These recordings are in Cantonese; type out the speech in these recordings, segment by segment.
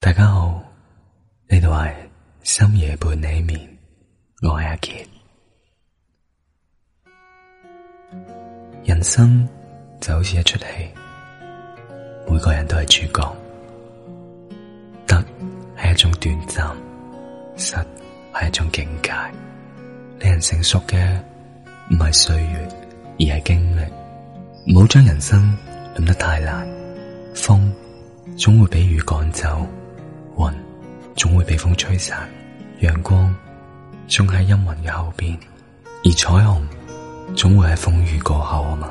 大家好，呢度係深夜伴你眠，我係阿杰。人生就好似一出戲，每個人都係主角。得係一種短暫，失係一種境界。令人成熟嘅唔係歲月，而係經歷。唔好將人生諗得太難，風總會俾雨趕走。雲總會被風吹散，陽光總喺陰雲嘅後邊，而彩虹總會喺風雨過後啊嘛。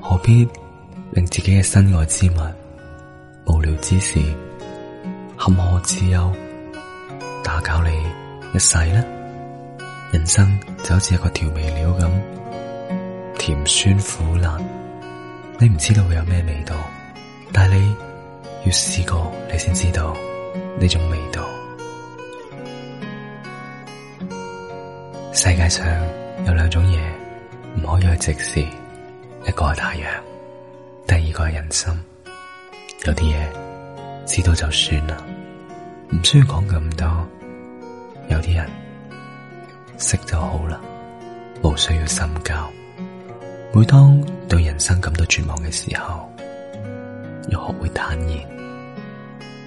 何必令自己嘅身外之物、無聊之事、坎坷之憂打攪你一世呢？人生就好似一個調味料咁，甜、酸、苦、辣，你唔知道會有咩味道，但係你。要試過你先知道呢種味道。世界上有兩種嘢唔可以去直視，一個係太陽，第二個係人心。有啲嘢知道就算啦，唔需要講咁多。有啲人識就好啦，無需要深交。每當對人生感到絕望嘅時候。要學會坦然，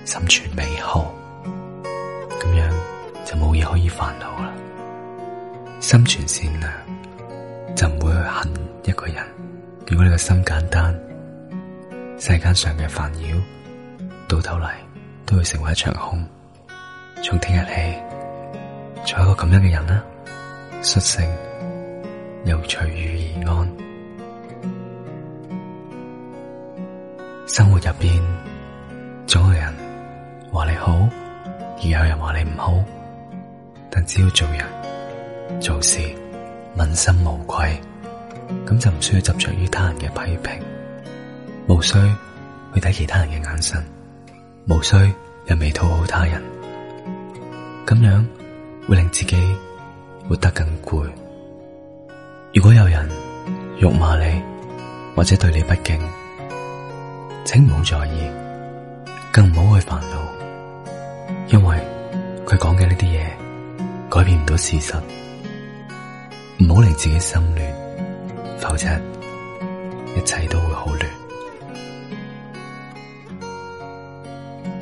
心存美好，咁樣就冇嘢可以煩惱啦。心存善良，就唔會去恨一個人。如果你個心簡單，世間上嘅煩擾，到頭嚟都會成為一場空。從聽日起，做一個咁樣嘅人啦。率性，由隨遇而安。生活入邊，總有人話你好，而有人話你唔好。但只要做人做事問心無愧，咁就唔需要執着於他人嘅批評，無需去睇其他人嘅眼神，無需一味討好他人。咁樣會令自己活得更攰。如果有人辱罵你，或者對你不敬，請唔好在意，更唔好去煩惱，因為佢講嘅呢啲嘢改變唔到事實。唔好令自己心亂，否則一切都會好亂。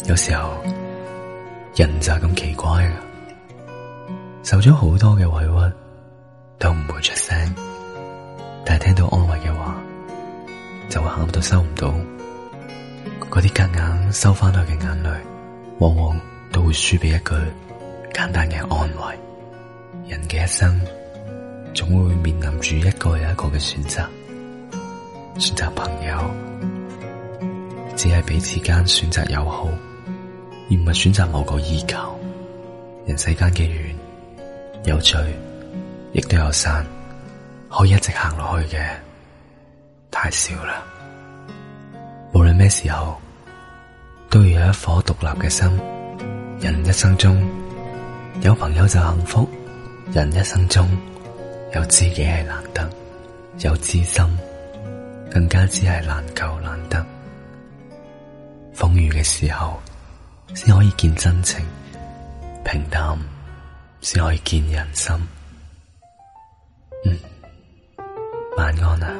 有時候人就係咁奇怪㗎，受咗好多嘅委屈都唔會出聲，但係聽到安慰嘅話就會喊到收唔到。嗰啲夾硬收翻去嘅眼淚，往往都會輸俾一句簡單嘅安慰。人嘅一生總會面臨住一個又一個嘅選擇，選擇朋友，只係彼此間選擇友好，而唔係選擇某個依靠。人世間嘅緣有聚，亦都有散，可以一直行落去嘅太少啦。無論咩時候，都要有一顆獨立嘅心。人一生中有朋友就幸福，人一生中有知己係難得，有知心更加之係難求難得。風雨嘅時候，先可以見真情；平淡先可以見人心。嗯，晚安啊。